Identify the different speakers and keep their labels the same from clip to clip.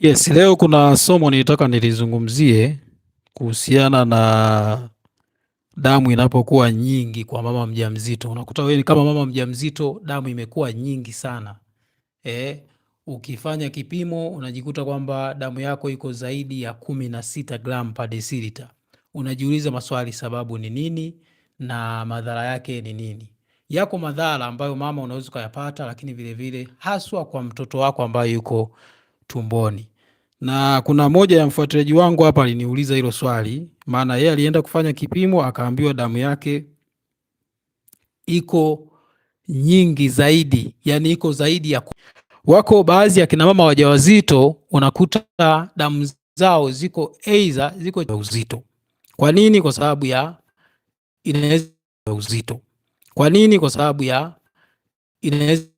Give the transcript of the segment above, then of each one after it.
Speaker 1: Yes, leo kuna somo nilitaka nilizungumzie kuhusiana na damu inapokuwa nyingi kwa mama mjamzito. Unakuta wewe kama mama mjamzito damu imekuwa nyingi sana. e, ukifanya kipimo unajikuta kwamba damu yako iko zaidi ya kumi na sita gram per deciliter. Unajiuliza maswali, sababu ni nini na madhara yake ni nini? Yako madhara ambayo mama unaweza ukayapata, lakini vilevile haswa kwa mtoto wako ambaye yuko tumboni na kuna moja ya mfuatiliaji wangu hapa aliniuliza hilo swali, maana yeye alienda kufanya kipimo akaambiwa damu yake iko nyingi zaidi, yani iko zaidi ya. Wako baadhi ya kinamama wajawazito unakuta damu zao ziko aidha ziko uzito. Kwa nini? Kwa sababu ya inaweza uzito. Kwa nini? Kwa sababu ya inaweza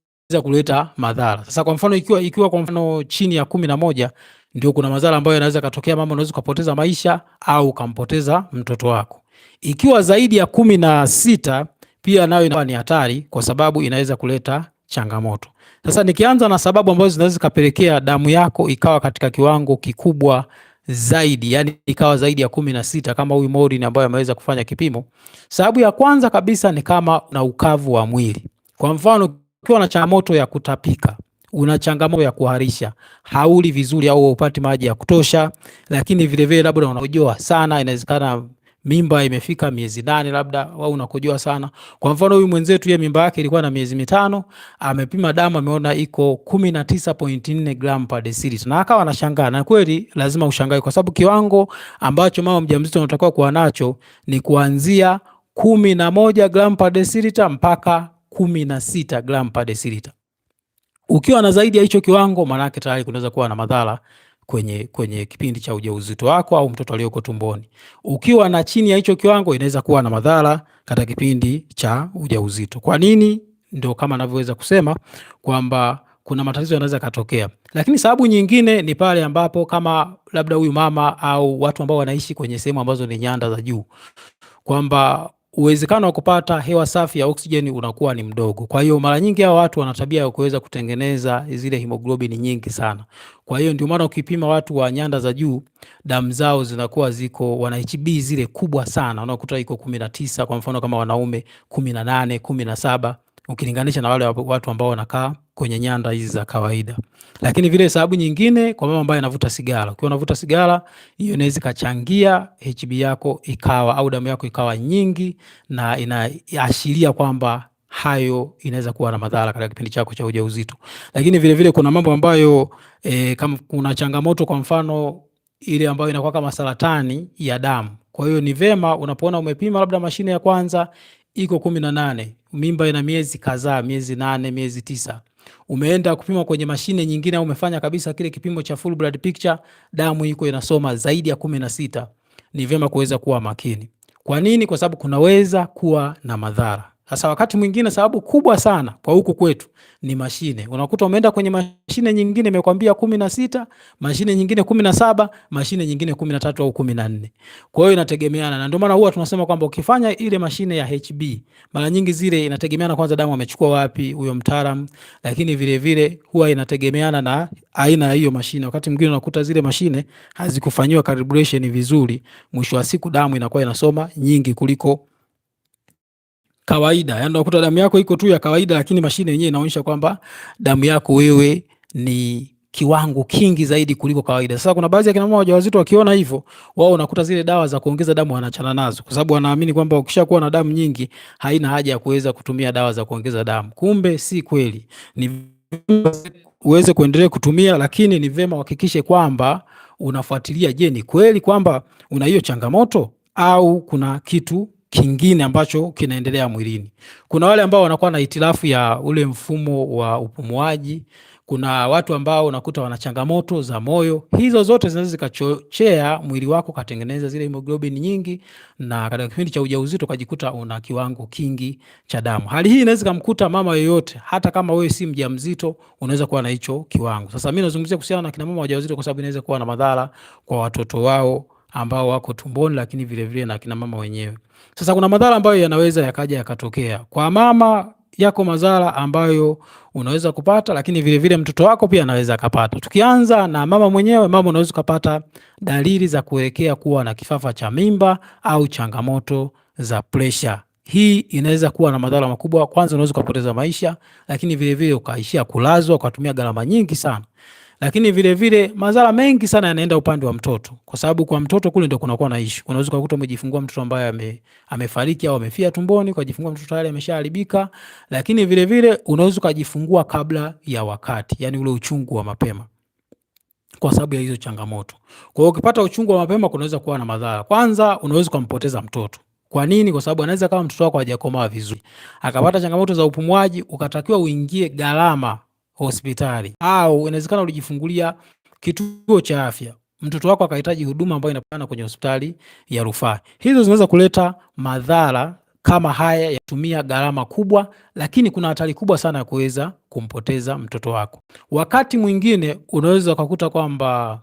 Speaker 1: kuleta madhara. Sasa kwa mfano ikiwa, ikiwa kwa mfano chini ya kumi na moja ndio kuna madhara ambayo yanaweza katokea. Mama, unaweza kupoteza maisha au kampoteza mtoto wako. Ikiwa zaidi ya kumi na sita pia nayo inakuwa ni hatari, kwa sababu inaweza kuleta changamoto. Sasa nikianza na sababu ambazo zinaweza zikapelekea damu yako ikawa katika kiwango kikubwa zaidi, yani ikawa zaidi ya kumi na sita kama huyu Maureen ambaye ameweza kufanya kipimo. Sababu ya kwanza kabisa ni kama na ukavu wa mwili, kwa mfano ukiwa na changamoto ya kutapika una changamoto ya kuharisha, hauli vizuri au upati maji ya kutosha, lakini vile vile labda unakojoa sana. Inawezekana mimba imefika miezi nane labda, au unakojoa sana. Kwa mfano huyu mwenzetu, yeye mimba yake ilikuwa na miezi mitano, amepima damu, ameona iko 19.4 gram per deciliter, na akawa anashangaa. Na kweli lazima ushangae, kwa sababu kiwango ambacho mama mjamzito anatakiwa kuwa nacho ni kuanzia 11 gram per deciliter mpaka 16 gram per deciliter. Ukiwa na zaidi ya hicho kiwango, maana yake tayari kunaweza kuwa na madhara kwenye kwenye kipindi cha ujauzito wako au mtoto aliyoko tumboni. Ukiwa na chini ya hicho kiwango, inaweza kuwa na madhara katika kipindi cha ujauzito. Kwa nini? Ndio kama anavyoweza kusema kwamba kuna matatizo yanaweza katokea, lakini sababu nyingine ni pale ambapo kama labda huyu mama au watu ambao wanaishi kwenye sehemu ambazo ni nyanda za juu, kwamba uwezekano wa kupata hewa safi ya oksijeni unakuwa ni mdogo. Kwa hiyo mara nyingi hao watu wana tabia ya kuweza kutengeneza zile hemoglobini nyingi sana. Kwa hiyo ndio maana ukipima watu wa nyanda za juu, damu zao zinakuwa ziko wana HB zile kubwa sana, unakuta iko kumi na tisa kwa mfano kama wanaume kumi na nane kumi na saba ukilinganisha na wale watu ambao wanakaa kwenye nyanda hizi za kawaida. Lakini vile sababu nyingine kwa mama ambaye anavuta sigara, ukiwa unavuta sigara hiyo inaweza kachangia HB yako ikawa au damu yako ikawa nyingi, na inaashiria kwamba hayo inaweza kuwa na madhara katika kipindi chako cha ujauzito. Lakini vile vile kuna mambo ambayo e, kama kuna changamoto kwa mfano ile ambayo inakuwa kama saratani ya damu. Kwa hiyo ni vema unapoona umepima labda mashine ya kwanza iko kumi na nane mimba ina miezi kadhaa, miezi nane, miezi tisa, umeenda kupima kwenye mashine nyingine au umefanya kabisa kile kipimo cha full blood picture, damu iko inasoma zaidi ya kumi na sita, ni vyema kuweza kuwa makini. Kwa nini? Kwa sababu kunaweza kuwa na madhara. Sasa wakati mwingine sababu kubwa sana kwa huku kwetu ni mashine. Unakuta umeenda kwenye mashine nyingine imekwambia kumi na sita, mashine nyingine kumi na saba, mashine nyingine kumi na tatu au kumi na nne. Kwa hiyo inategemeana, na ndio maana huwa tunasema kwamba ukifanya ile mashine ya HB mara nyingi zile inategemeana kwanza damu amechukua wapi huyo mtaalam, lakini vile vile huwa inategemeana na aina ya hiyo mashine. Wakati mwingine unakuta zile mashine hazikufanyiwa calibration vizuri, mwisho wa siku damu inakuwa inasoma nyingi kuliko kawaida, yani unakuta damu yako iko tu ya kawaida, lakini mashine yenyewe inaonyesha kwamba damu yako wewe ni kiwango kingi zaidi kuliko kawaida. Sasa kuna baadhi ya kina mama wajawazito wakiona hivyo, wao unakuta zile dawa za kuongeza damu wanachana nazo, kwa sababu wanaamini kwamba ukishakuwa na damu nyingi haina haja ya kuweza kutumia dawa za kuongeza damu. Kumbe si kweli, ni uweze kuendelea kutumia, lakini ni vema uhakikishe kwamba unafuatilia, je, ni kweli kwamba una hiyo changamoto au kuna kitu kingine ambacho kinaendelea mwilini. Kuna wale ambao wanakuwa na hitilafu ya ule mfumo wa upumuaji, kuna watu ambao unakuta wana changamoto za moyo. Hizo zote zinaweza zikachochea mwili wako katengeneza zile hemoglobin nyingi, na katika kipindi cha ujauzito ukajikuta una kiwango kingi cha damu. Hali hii inaweza kumkuta mama yoyote, hata kama wewe si mjamzito, unaweza kuwa na hicho kiwango. Sasa mimi nazungumzia kuhusiana na kina mama wajawazito, kwa sababu inaweza kuwa na madhara kwa watoto wao ambao wako tumboni, lakini vilevile na kina mama wenyewe. Sasa kuna madhara ambayo yanaweza yakaja yakatokea kwa mama yako madhara ambayo unaweza kupata, lakini vile vile mtoto wako pia anaweza kupata. Tukianza na mama mwenyewe, mama unaweza kupata dalili za kuelekea kuwa na kifafa cha mimba au changamoto za presha. Hii inaweza kuwa na madhara makubwa. Kwanza unaweza kupoteza maisha, lakini vile vile ukaishia kulazwa kwa ukatumia gharama nyingi sana. Lakini vile vile madhara mengi sana yanaenda upande wa mtoto, kwa sababu kwa mtoto kule ndio kunakuwa na ishu. Unaweza kukuta umejifungua mtoto ambaye ame, amefariki au amefia tumboni, ukajifungua mtoto tayari ameshaharibika. Lakini vile vile unaweza ukajifungua kabla ya wakati, yani ule uchungu wa mapema kwa sababu ya hizo changamoto. Kwa hiyo ukipata uchungu wa mapema kunaweza kuwa na madhara. Kwanza unaweza kumpoteza mtoto. Kwa nini? Kwa sababu anaweza kama mtoto wako hajakomaa vizuri. Akapata changamoto za upumuaji, ukatakiwa uingie gharama hospitali, au inawezekana ulijifungulia kituo cha afya, mtoto wako akahitaji huduma ambayo inapatikana kwenye hospitali ya rufaa. Hizo zinaweza kuleta madhara kama haya yatumia gharama kubwa, lakini kuna hatari kubwa sana ya kuweza kumpoteza mtoto wako. Wakati mwingine unaweza ukakuta kwamba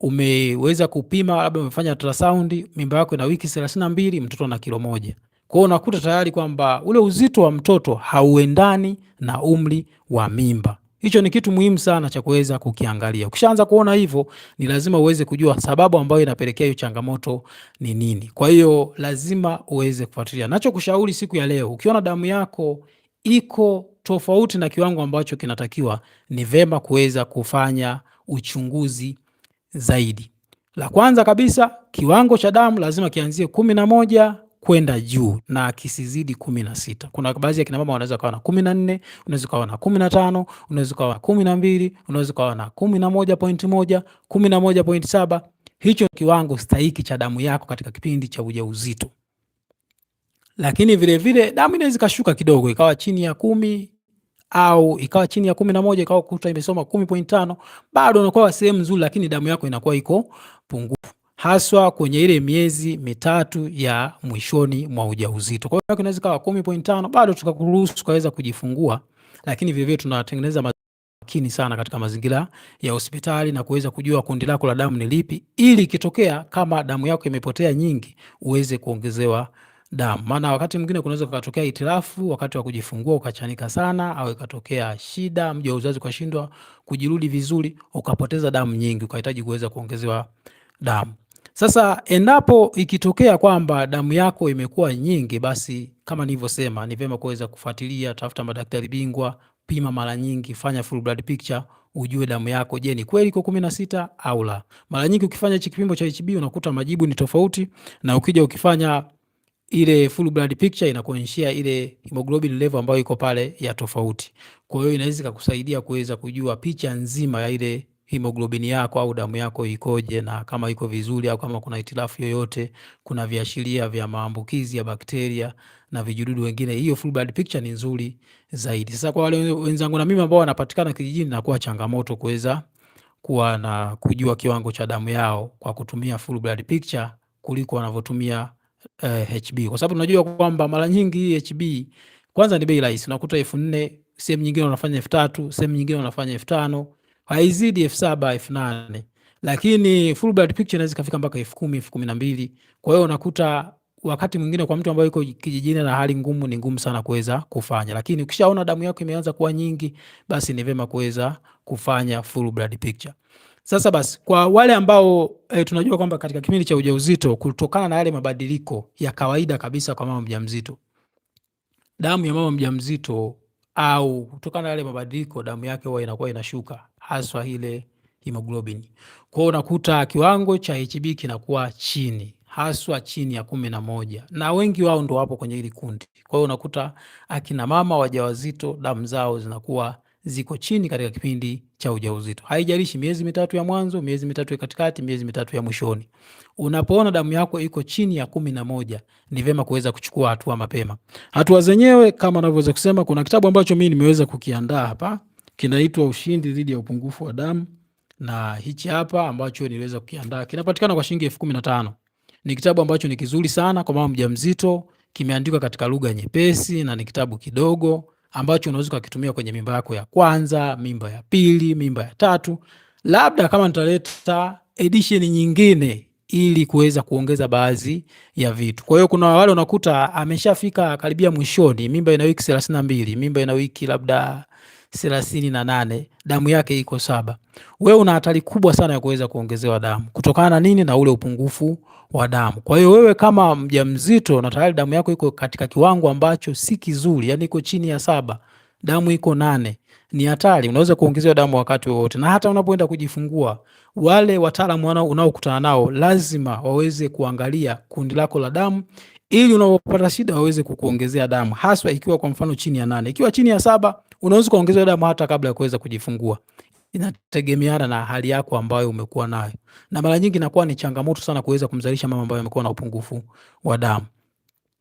Speaker 1: umeweza kupima labda umefanya ultrasound, mimba yako ina wiki thelathini na mbili, mtoto ana kilo moja. Kwa hiyo unakuta tayari kwamba ule uzito wa mtoto hauendani na umri wa mimba. Hicho ni kitu muhimu sana cha kuweza kukiangalia. Ukishaanza kuona hivyo, ni lazima uweze kujua sababu ambayo inapelekea hiyo changamoto ni nini. Kwa hiyo lazima uweze kufuatilia. Nachokushauri siku ya leo, ukiona damu yako iko tofauti na kiwango ambacho kinatakiwa, ni vema kuweza kufanya uchunguzi zaidi. La kwanza kabisa, kiwango cha damu lazima kianzie kumi na moja kwenda juu na kisizidi kumi na sita. Kuna baadhi ya kinamama wanaweza kawa na kumi na nne, unaweza ukawa na kumi na tano, unaweza ukawa na kumi na mbili, unaweza ukawa na kumi na moja point moja, kumi na moja point saba. Hicho kiwango stahiki cha damu yako katika kipindi cha ujauzito. Lakini vilevile vile, damu inaweza ikashuka kidogo ikawa chini ya kumi au ikawa chini ya kumi na moja ikawa kuta imesoma kumi point tano, bado unakuwa sehemu nzuri, lakini damu yako inakuwa iko pungufu haswa kwenye ile miezi mitatu ya mwishoni mwa ujauzito. Kwa hiyo kinaweza kawa 10.5 bado tukakuruhusu tukaweza kujifungua, lakini vile vile tunatengeneza makini sana katika mazingira ya hospitali na kuweza kujua kundi lako la damu ni lipi, ili ikitokea kama damu yako imepotea nyingi uweze kuongezewa damu, maana wakati mwingine kunaweza kukatokea itilafu wakati wa kujifungua ukachanika sana, au ikatokea shida mji uzazi ukashindwa kujirudi vizuri, ukapoteza damu nyingi, ukahitaji kuweza kuongezewa damu. Sasa endapo ikitokea kwamba damu yako imekuwa nyingi, basi kama nilivyosema, ni vyema kuweza kufuatilia, tafuta madaktari bingwa, pima mara nyingi, fanya full blood picture ujue damu yako, je, ni kweli iko kumi na sita au la. Mara nyingi ukifanya hichi kipimo cha HB unakuta majibu ni tofauti, na ukija ukifanya ile full blood picture inakuonyeshia ile hemoglobin level ambayo iko pale ya tofauti. Kwa hiyo inaweza ikakusaidia kuweza kujua picha nzima ya ile hemoglobini yako au damu yako ikoje, na kama iko vizuri au kama kuna hitilafu yoyote, kuna viashiria vya maambukizi ya bakteria na vijidudu wengine. Hiyo full blood picture ni nzuri zaidi. Sasa kwa wale wenzangu na mimi ambao wanapatikana kijijini, nakuwa changamoto kuweza kuwa na kujua kiwango cha damu yao kwa kutumia full blood picture kuliko wanavyotumia uh, eh, HB kwa sababu tunajua kwamba mara nyingi HB kwanza ni bei rahisi, unakuta elfu nne sehemu nyingine wanafanya elfu tatu sehemu nyingine wanafanya elfu tano haizidi elfu saba elfu nane lakini full picture inaweza ikafika mpaka elfu kumi elfu kumi na mbili Kwa hiyo unakuta wakati mwingine kwa mtu ambaye yuko kijijini na hali ngumu, ni ngumu sana kuweza kufanya, lakini ukishaona damu yako imeanza kuwa nyingi, basi ni vyema kuweza kufanya full blood picture. Sasa basi kwa wale ambao e, tunajua kwamba katika kipindi cha ujauzito kutokana na yale mabadiliko ya kawaida kabisa kwa mama mjamzito, damu ya mama mjamzito au kutokana na yale mabadiliko damu yake huwa inakuwa inashuka haswa ile hemoglobin. Kwa hiyo unakuta kiwango cha HB kinakuwa chini haswa chini ya kumi na moja na wengi wao ndo wapo kwenye hili kundi. Kwa hiyo unakuta akina mama wajawazito damu zao zinakuwa ziko chini katika kipindi cha ujauzito, haijalishi miezi mitatu ya mwanzo, miezi mitatu ya katikati, miezi mitatu ya mwishoni. Unapoona damu yako iko chini ya kumi na moja, ni vema kuweza kuchukua hatua mapema. Hatua zenyewe kama navyoweza kusema, kuna kitabu ambacho mimi nimeweza kukiandaa hapa kinaitwa ushindi dhidi ya upungufu wa damu, na hichi hapa ambacho niliweza kukiandaa kinapatikana kwa shilingi elfu kumi na tano. Ni kitabu ambacho ni kizuri sana kwa mama mjamzito, kimeandikwa katika lugha nyepesi na ni kitabu kidogo ambacho unaweza ukakitumia kwenye mimba yako ya kwanza, mimba ya pili, mimba ya tatu. Labda kama nitaleta edition nyingine ili kuweza kuongeza baadhi ya vitu. Kwa hiyo kuna wale unakuta ameshafika karibia mwishoni, mimba ina wiki thelathini na mbili, mimba ina wiki labda thelathini na nane damu yake iko saba, wewe una hatari kubwa sana ya kuweza kuongezewa damu kutokana na nini? Na ule upungufu wa damu. Kwa hiyo wewe kama mjamzito na tayari damu yako iko katika kiwango ambacho si kizuri, yani iko chini ya saba, damu iko nane, ni hatari, unaweza kuongezewa damu wakati wowote. Na hata unapoenda kujifungua, wale wataalamu unaokutana nao lazima waweze kuangalia kundi lako la damu ili unapopata shida waweze kukuongezea damu, haswa ikiwa kwa mfano chini ya nane. Ikiwa chini ya saba unaweza ukaongezewa damu hata kabla ya kuweza kujifungua. Inategemeana na hali yako ambayo umekuwa nayo, na mara nyingi inakuwa ni changamoto sana kuweza kumzalisha mama ambayo amekuwa na upungufu wa damu,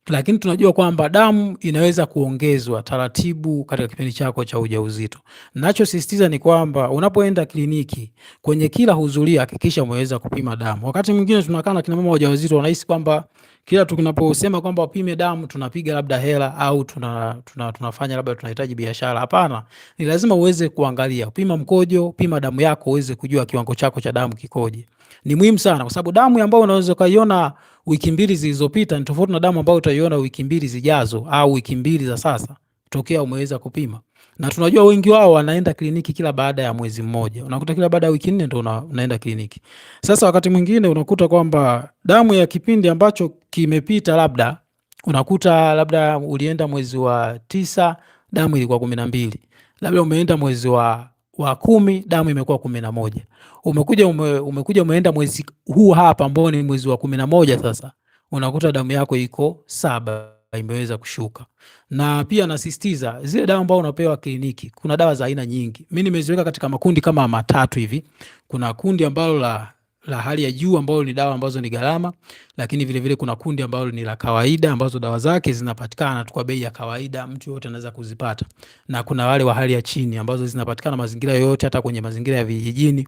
Speaker 1: lakini tunajua kwamba damu inaweza kuongezwa taratibu katika kipindi chako cha ujauzito. Nachosisitiza ni kwamba unapoenda kliniki, kwenye kila huzulia, hakikisha umeweza kupima damu. Wakati mwingine tunakaa na kina mama wajawazito wanahisi kwamba kila tunaposema kwamba wapime damu tunapiga labda hela au tuna, tuna, tunafanya labda tunahitaji biashara. Hapana, ni lazima uweze kuangalia, pima mkojo, pima damu yako uweze kujua kiwango chako cha damu kikoje. Ni muhimu sana, kwa sababu damu ambayo unaweza ukaiona wiki mbili zilizopita ni tofauti na damu ambayo utaiona wiki mbili zijazo au wiki mbili za sasa tokea umeweza kupima na tunajua wengi wao wanaenda kliniki kila baada ya mwezi mmoja, unakuta kila baada ya wiki nne ndo una, unaenda kliniki. Sasa wakati mwingine unakuta kwamba damu ya kipindi ambacho kimepita, labda unakuta labda ulienda mwezi wa tisa damu ilikuwa kumi na mbili, labda umeenda mwezi wa wa kumi damu imekuwa kumi na moja. Umekuja ume, umekuja umeenda mwezi huu hapa ambao ni mwezi wa kumi na moja, sasa unakuta damu yako iko saba imeweza kushuka. Na pia nasisitiza zile dawa ambao unapewa kliniki, kuna dawa za aina nyingi. Mimi nimeziweka katika makundi kama matatu hivi. Kuna kundi ambalo la la hali ya juu ambalo ni dawa ambazo ni gharama, lakini vile vile kuna kundi ambalo ni la kawaida ambazo dawa zake zinapatikana tu kwa bei ya kawaida, mtu yote anaweza kuzipata, na kuna wale wa hali ya chini ambazo zinapatikana mazingira yoyote, hata kwenye mazingira ya vijijini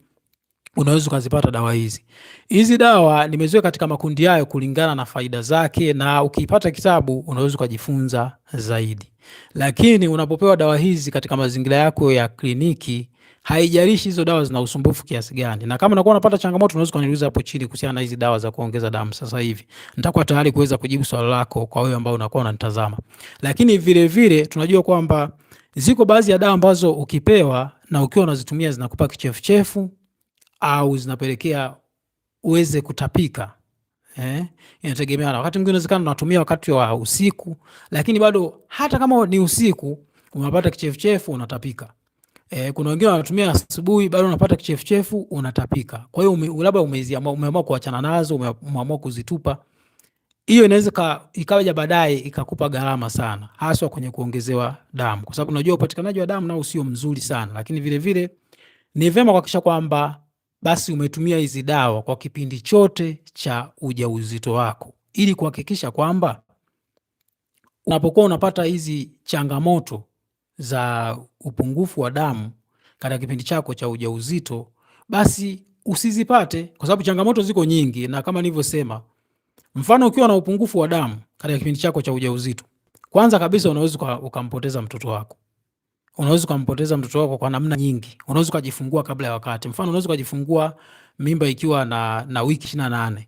Speaker 1: unaweza ukazipata dawa hizi. Hizi dawa nimeziweka katika makundi yayo kulingana na faida zake, na ukipata kitabu unaweza ukajifunza zaidi. Lakini unapopewa dawa hizi katika mazingira yako ya kliniki, haijalishi hizo dawa zina usumbufu kiasi gani, na kama unakuwa unapata changamoto, unaweza kuniuliza hapo chini kuhusiana na hizi dawa za kuongeza damu. Sasa hivi nitakuwa tayari kuweza kujibu swali lako kwa wewe ambao unakuwa unanitazama. Lakini vile vile tunajua kwamba ziko baadhi ya dawa ambazo ukipewa na ukiwa unazitumia zinakupa kichefuchefu au zinapelekea uweze kutapika eh? Inategemeana, wakati mwingine unawezekana unatumia wakati wa usiku, lakini bado hata kama ni usiku unapata kichefuchefu unatapika. Eh, kuna wengine wanatumia asubuhi bado unapata kichefuchefu unatapika. Kwa hiyo ume, labda umeamua kuachana nazo, umeamua kuzitupa. Hiyo inaweza ka, ikaja baadaye ikakupa gharama sana, haswa kwenye kuongezewa damu, kwa sababu unajua upatikanaji wa damu nao sio mzuri sana, lakini vilevile ni vema kuhakikisha kwamba basi umetumia hizi dawa kwa kipindi chote cha ujauzito wako, ili kuhakikisha kwamba unapokuwa unapata hizi changamoto za upungufu wa damu katika kipindi chako cha ujauzito, basi usizipate, kwa sababu changamoto ziko nyingi, na kama nilivyosema, mfano ukiwa na upungufu wa damu katika kipindi chako cha ujauzito, kwanza kabisa unaweza ukampoteza mtoto wako unaweza ukampoteza mtoto wako kwa namna nyingi. Unaweza ukajifungua kabla ya wakati. Mfano, unaweza ukajifungua mimba ikiwa na, na wiki ishirini na nane.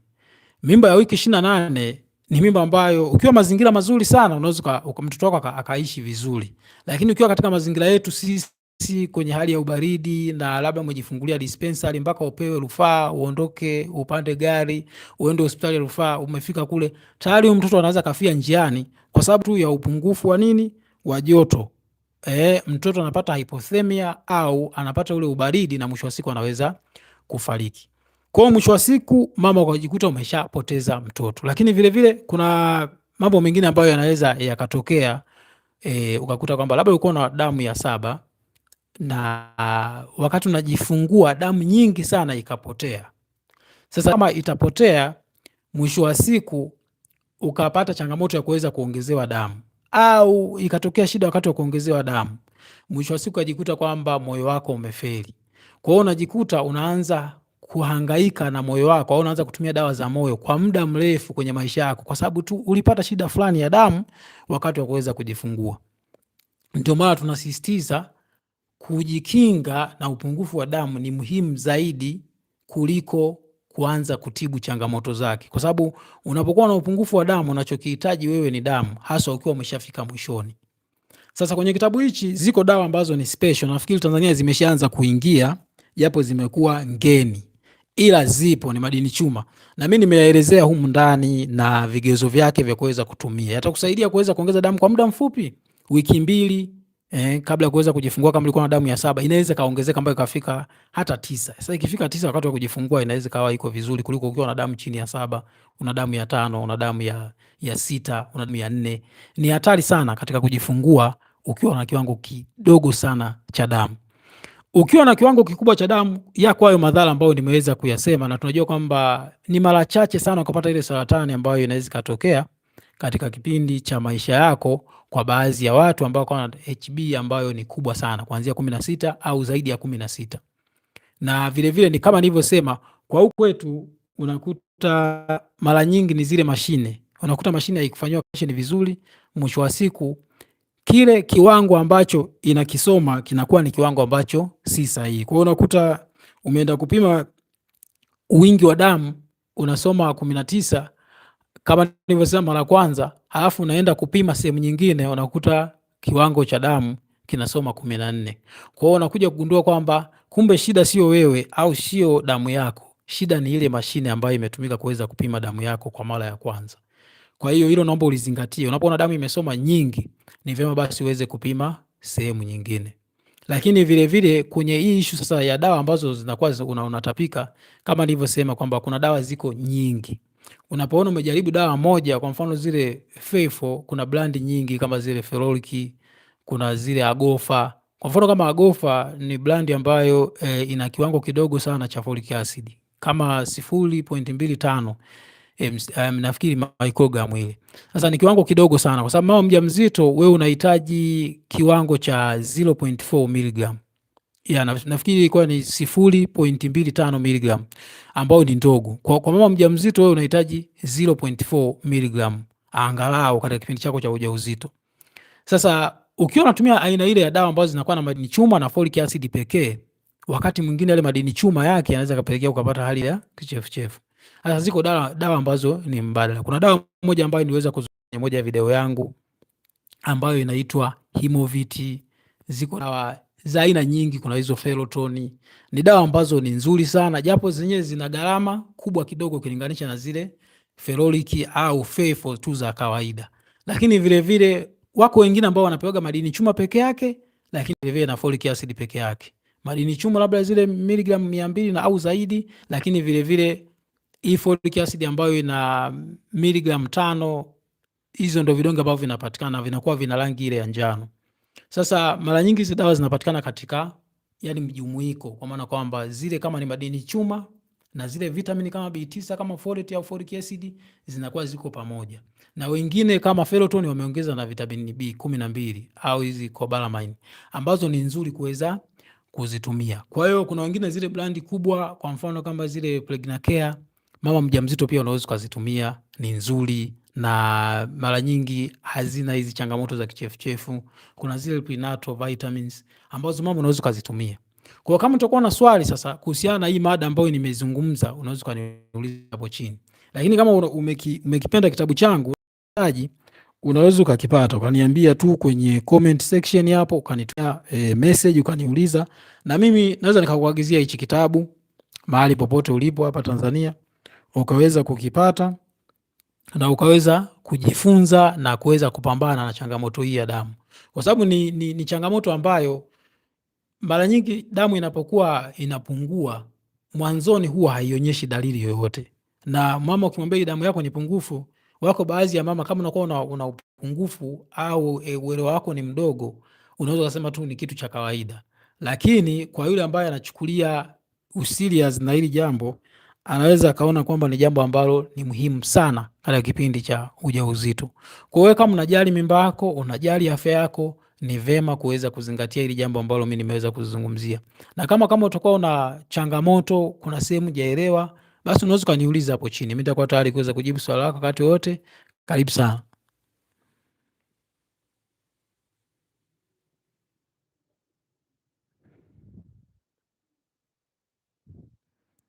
Speaker 1: Mimba ya wiki ishirini na nane ni mimba ambayo ukiwa mazingira mazuri sana unaweza mtoto wako akaishi vizuri, lakini ukiwa katika mazingira yetu sisi kwenye hali ya ubaridi na labda umejifungulia dispensari mpaka upewe rufaa uondoke upande gari uende hospitali ya rufaa, umefika kule tayari huyu mtoto anaweza kafia njiani kwa sababu tu ya upungufu wa nini wa joto e, mtoto anapata hypothermia au anapata ule ubaridi na mwisho wa siku anaweza kufariki. Kwa hiyo mwisho wa siku mama ukajikuta umeshapoteza mtoto. Lakini vile vile kuna mambo mengine ambayo yanaweza yakatokea e, ukakuta kwamba labda ulikuwa na damu ya saba na wakati unajifungua damu nyingi sana ikapotea. Sasa kama itapotea, mwisho wa siku ukapata changamoto ya kuweza kuongezewa damu au ikatokea shida wakati wa kuongezewa damu, mwisho wa siku ajikuta kwamba moyo wako umefeli. Kwa hiyo unajikuta unaanza kuhangaika na moyo wako au unaanza kutumia dawa za moyo kwa muda mrefu kwenye maisha yako, kwa sababu tu ulipata shida fulani ya damu wakati wa kuweza kujifungua. Ndio maana tunasisitiza kujikinga na upungufu wa damu ni muhimu zaidi kuliko kuanza kutibu changamoto zake, kwa sababu unapokuwa na upungufu wa damu, unachokihitaji wewe ni damu, hasa ukiwa umeshafika mwishoni. Sasa kwenye kitabu hichi ziko dawa ambazo ni special, nafikiri Tanzania zimeshaanza kuingia japo zimekuwa ngeni, ila zipo, ni madini chuma, na mimi nimeyaelezea humu ndani na vigezo vyake vya kuweza kutumia. Yatakusaidia kuweza kuongeza damu kwa muda mfupi, wiki mbili eh, kabla ya kuweza kujifungua kama ilikuwa na damu ya saba inaweza kaongezeka mpaka ikafika hata tisa. Sasa ikifika tisa wakati wa kujifungua inaweza kawa iko vizuri kuliko ukiwa na damu chini ya saba, una damu ya tano, una damu ya, ya sita, una damu ya nne. Ni hatari sana katika kujifungua ukiwa na kiwango kidogo sana cha damu. Ukiwa na kiwango kikubwa cha damu, yako hayo madhara ambayo nimeweza kuyasema, na tunajua kwamba ni mara chache sana ukapata ile saratani ambayo inaweza ikatokea katika kipindi cha maisha yako kwa baadhi ya watu ambao na HB ambayo ni kubwa sana kuanzia 16 au zaidi ya 16. na sita na vilevile vile ni kama nilivyosema kwa huku kwetu unakuta mara nyingi ni zile mashine, unakuta mashine haikufanyiwa operation vizuri. Mwisho wa siku, kile kiwango ambacho inakisoma kinakuwa ni kiwango ambacho si sahihi. Kwa hiyo unakuta umeenda kupima wingi wa damu unasoma kumi na tisa, kama nilivyosema mara kwanza, halafu unaenda kupima sehemu nyingine, unakuta kiwango cha damu kinasoma kumi na nne. Kwa hiyo unakuja kugundua kwamba kumbe shida sio wewe au sio damu yako, shida ni ile mashine ambayo imetumika kuweza kupima damu yako kwa mara ya kwanza. Kwa hiyo hilo naomba ulizingatie, unapoona damu imesoma nyingi, ni vyema basi uweze kupima sehemu nyingine. Lakini vile vile, kwenye hii ishu sasa ya dawa ambazo zinakuwa unatapika, kama nilivyosema kwamba kuna dawa ziko nyingi unapoona umejaribu dawa moja, kwa mfano zile Feifo, kuna brandi nyingi kama zile Feroliki, kuna zile Agofa. Kwa mfano kama Agofa ni brandi ambayo e, ina kiwango kidogo sana cha folic acid kama 0.25 pointi Um, nafikiri microgram ile sasa ni kiwango kidogo sana, kwa sababu mama mjamzito wewe unahitaji kiwango cha 0.4 mg ya na, nafikiri ilikuwa ni sifuri pointi mbili tano miligram ambayo ni ndogo kwa, kwa mama mja mzito Wewe unahitaji 0.4 miligram angalau katika kipindi chako cha ujauzito. Sasa ukiwa unatumia aina ile ya dawa ambazo zinakuwa na madini chuma na folic acid pekee, wakati mwingine yale madini chuma yake yanaweza kapelekea ukapata hali ya kichefuchefu. Sasa ziko dawa, dawa ambazo ni mbadala. Kuna dawa moja ambayo niweza kuzungumzia moja ya video yangu ambayo inaitwa Himoviti, Ziko dawa za aina nyingi. Kuna hizo Ferotoni, ni dawa ambazo ni nzuri sana, japo zenyewe zina gharama kubwa kidogo ukilinganisha na zile feroliki au fefo tu za kawaida. Lakini vile vile, wako wengine ambao wanapewaga madini chuma peke yake, lakini vile vile na folic acid peke yake. Madini chuma labda zile miligramu mia mbili na au zaidi, lakini vile vile hii folic acid ambayo ina miligramu tano. Hizo ndo vidonge ambavyo vinapatikana vinakuwa vina rangi ile ya njano. Sasa mara nyingi hizi dawa zinapatikana katika yani mjumuiko, kwa maana kwamba zile kama ni madini chuma na zile vitamini kama B9 kama folate au folic acid zinakuwa ziko pamoja, na wengine kama ferritin wameongeza na vitamini B12 au hizi cobalamin ambazo ni nzuri kuweza kuzitumia. Kwa hiyo kuna wengine zile brandi kubwa, kwa mfano kama zile Pregnacare, mama mjamzito pia unaweza kuzitumia, ni nzuri na mara nyingi hazina hizi changamoto za kichefuchefu. Kuna zile prenatal vitamins ambazo mama unaweza ukazitumia. Kwa hiyo kama utakuwa na swali sasa kuhusiana na hii mada ambayo nimezungumza, unaweza ukaniuliza hapo chini, lakini kama umeki, umekipenda kitabu changu taji, unaweza ukakipata ukaniambia tu kwenye comment section hapo, ukanitumia e, message ukaniuliza, na mimi naweza nikakuagizia hichi kitabu mahali popote ulipo hapa Tanzania ukaweza kukipata na ukaweza kujifunza na kuweza kupambana na changamoto hii ya damu, kwa sababu ni, ni, ni changamoto ambayo mara nyingi damu inapokuwa inapungua mwanzoni huwa haionyeshi dalili yoyote, na mama ukimwambia damu yako ni pungufu, wako baadhi ya mama kama unakuwa una, una upungufu au e, uelewa wako ni mdogo, unaweza ukasema tu ni kitu cha kawaida, lakini kwa yule ambaye anachukulia usirias na hili jambo anaweza akaona kwamba ni jambo ambalo ni muhimu sana katika kipindi cha ujauzito. Kwa hiyo kama unajali mimba yako, unajali afya yako, ni vema kuweza kuzingatia hili jambo ambalo mimi nimeweza kuzungumzia. Na kama kama utakuwa una changamoto, kuna sehemu hujaelewa, basi unaweza ukaniuliza hapo chini. Mimi nitakuwa tayari kuweza kujibu swali lako wakati wote. Karibu sana.